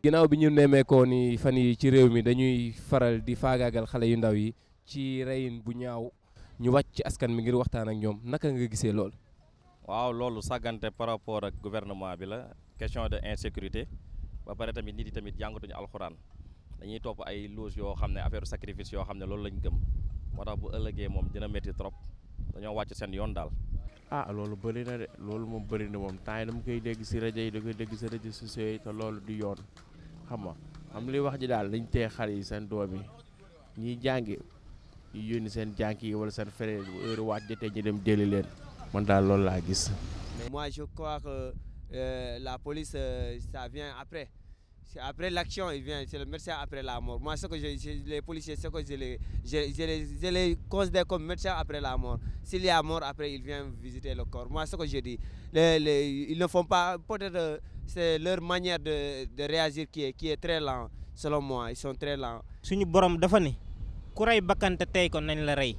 ginaaw bi ñu nemmeekoo ni fan yi ci réew mi dañuy faral di faagaagal xale yu ndaw yi ci reyin bu ñaaw ñu wàcc ci askan bi ngir waxtaan ak ñoom naka nga gisee lool. waaw loolu sàggante par rapport ak gouvernement bi la question de insécurité ba pare tamit nit yi tamit jàngatuñu alxuraan dañuy topp ay loge yoo xam ne affaire sacrifice yoo xam ne loolu lañ gëm moo tax bu ëllëgee moom dina métti trop dañoo wàcc seen yoon daal. ah loolu bëri na de loolu moom bëri na moom temps yi dama koy dégg si rajo yi da koy dégg rajo sociaux te loolu du yoon. xam nga am li wax ji daal dañ tee xale yi seen doom yi ñiy jàngi ñu yónni seen jànk yi wala seen frère bu heure waaj ñu dem jëli leen man daal loolu la gis. mais moi je crois que euh, la police euh, ça vient après c'est après l'action il vient c'est le médecin après la mort moi ce que je, je les policiers ce que je les considère comme médecin après la mort s'il y a mort après il vient visiter le corps moi ce que je dis ils ne font pas peut-être euh, c'est leur manière de de réagir qui est qui est très lent selon moi suñu borom dafa ne ku rey bakkante tey ko nañ la rey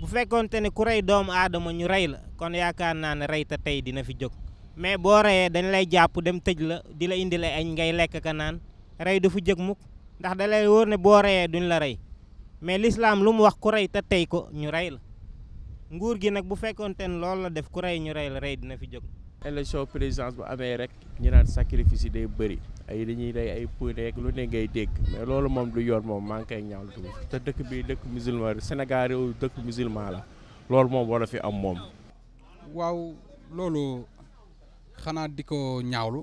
bu fekkoonte ne ku rey doomu aadama ñu rey la kon yaakaar naa ne rey te tey dina fi jóg mais boo reyee dañ lay jàpp dem tëj la di la indi lay añ ngay lekk ka naan rey du fi jóg mukk ndax da lay ne boo reyee duñ la rey mais l'islam lu mu wax ku rey te tey ko ñu rey la nguur gi nag bu fekkoonte ne loolu la def ku rey ñu rey la rey dina fi jóg. élection présidence bu amee rek ñu naan sacrifice yi day bëri ay dañuy day ay puudar rek lu ne ngay dégg mais loolu moom du yoon moom maa ngi koy ñaawlu te dëkk bi dëkk musulman Sénégal réew dëkk musulman la loolu moom war a fi am moom. waaw loolu xanaa di ko ñaawlu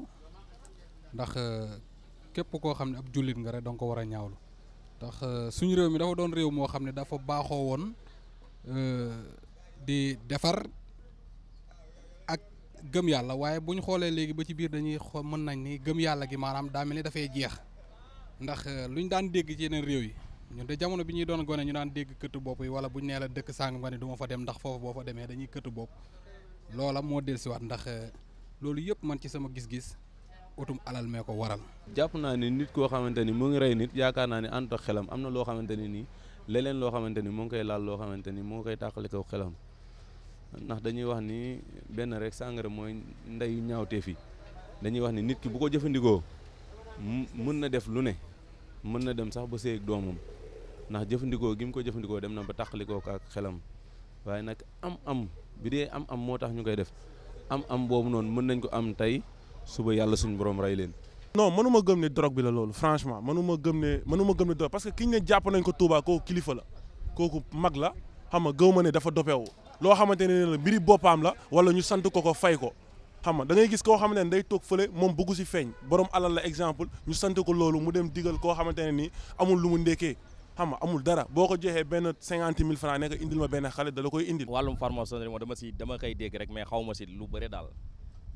ndax euh, képp koo xam ne ab jullit nga rek danga ko war a ñaawlu ndax euh, suñu réew mi dafa doon réew moo xam ne dafa baaxoo woon euh, di defar. gëm yàlla waaye bu ñu xoolee léegi ba ci biir dañuy xool mën nañ ni gëm yàlla gi maanaam daa mel ni dafay jeex ndax euh, lu ñu daan dégg ci yeneen réew yi ñun de jamono bi ñuy doon gone ñu daan dégg këtt bopp yi wala bu ñu nee la dëkk sàngam nga ne du fa dem ndax foofu boo fa demee dañuy këtt bopp loola moo dellusiwaat ndax euh, loolu yëpp man ci sama gis-gis utum alal mee ko waral. jàpp naa ni nit koo xamante ni mu ngi rey nit yaakaar naa ne ànd ak am na loo xamante ni nii leneen loo xamante ni mu ngi koy laal loo xamante ni moo koy tàqali ko xelam ndax dañuy wax ni benn rek sàngara mooy ndeyu ñaawtee yi dañuy wax ni nit ki bu ko jëfandikoo mën na def lu ne mën na dem sax ba séy doomam ndax jëfandikoo gi mu ko jëfandikoo dem na ba tàqalikoo ko ak xelam waaye nag am-am bi dee am-am moo tax ñu koy def am-am boobu noonu mën nañ ko am tey suba yàlla suñ borom rey leen. non mënuma gëm ne drogue bi la loolu franchement mënuma gëm ne mënuma gëm ne drogue parce que ki ñu ne jàpp nañ ko Touba kooku kilifa la kooku mag la xam nga gëw ma ne dafa dopeewu loo xamante ne la mbiri boppam la wala ñu sant ko ko fay ko xam nga da ngay gis koo xamante ne day toog fële moom bëggu si feeñ borom alal la exemple ñu sant ko loolu mu dem digal koo xamante ne nii amul lu mu ndekkee xam nga amul dara boo ko joxee benn cinquante mille franc nekk indil ma benn xale da la koy indil. wàllum formation moom dama si dama koy dégg rek mais xaw ma si lu bëri daal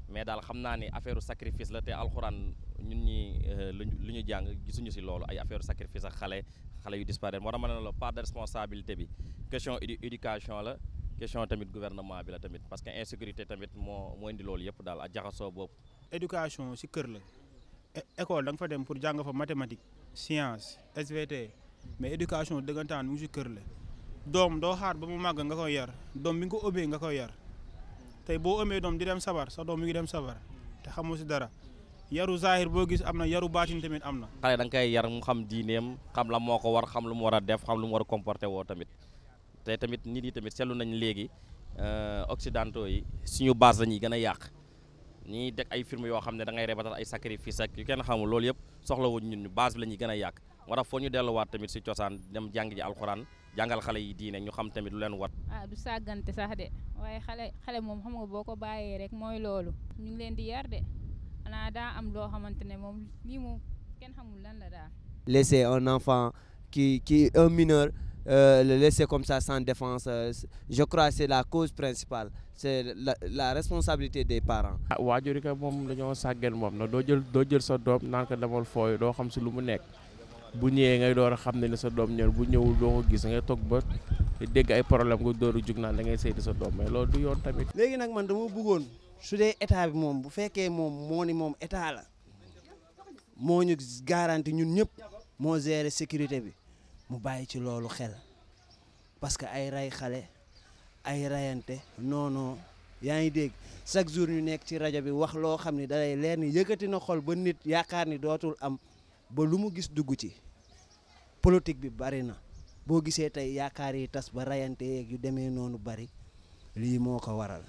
mais daal xam naa ni affaire sacrifice la te alxuraan ñun ñi euh, lu ñu jàng gisuñu si loolu ay affaire sacrifice ak xale xale yu disparaître moo ma ne la part de responsabilité bi question la. question tamit gouvernement bi la tamit parce que insécurité tamit moo moo indi loolu yëpp daal ak jaxasoo boobu. éducation ci kër la école da nga fa dem pour jàng fa mathématique science SVT mais éducation dëggantaan mu ngi ci kër la doom doo xaar ba mu màgg nga koy yar doom bi nga ko ëmbee nga koy yar tey boo ëmbee doom di dem sabar sa doom mi ngi dem sabar te xamoo si dara. yaru zahir boo gis am na yaru baatin tamit am na. xale da nga koy yar mu xam diineem xam la moo ko war xam lu mu war a def xam lu war a comporté woo tamit. te tamit nit yi tamit seetlu nañu léegi euh, occidentaux yi suñu base lañuy gën a yàq ñuy deg ay film yoo xam ne da ngay rebatal ay sacrifice ak yu kenn xamul loolu yëpp soxlawuñ ñun ñu base bi la ñuy gën a yàq moo foo ñu delluwaat tamit si cosaan dem jàng ji alxuraan jàngal xale yi diine ñu xam tamit lu leen wat ah du sàggante sax de waaye xale xale moom xam nga boo ko bàyyee rek mooy loolu ñu ngi leen di yar de xanaa daa am loo xamante ne moom lii moom kenn xamul la daal laisser un enfant qui qui mineur euh, le laisser comme ça sans défense euh, je crois c'est la cause principal c'est la, la responsabilité des parent ah waajur yi moom dañoo sàggen moom na doo jël doo jël sa doom naan ko demal fooy doo xam si lu mu nekk bu ñëwee ngay door a xam ne ne sa doom ñor bu ñëwul doo ko gis ngay toog ba dégg ay problème nga dooru jug naan da ngay seeti sa doom mais loolu du yoon tamit léegi nag man dama bëggoon su dee état bi moom bu fekkee moom moo ni moom état la moo ñu garanti ñun ñëpp moo sécurité bi mu bàyyi ci loolu xel parce que ay rey xale ay reyante noonu non yaa ngi dégg chaque jour ñu nekk ci rajo bi wax loo xam ni dalay leer ni yëkkati na xol ba nit yaakaar ni dootul am ba lu mu gis dugg ci politique bi bari na boo gisee tey yaakaar yi tas ba reyante yeeg yu demee noonu bari lii moo ko waral.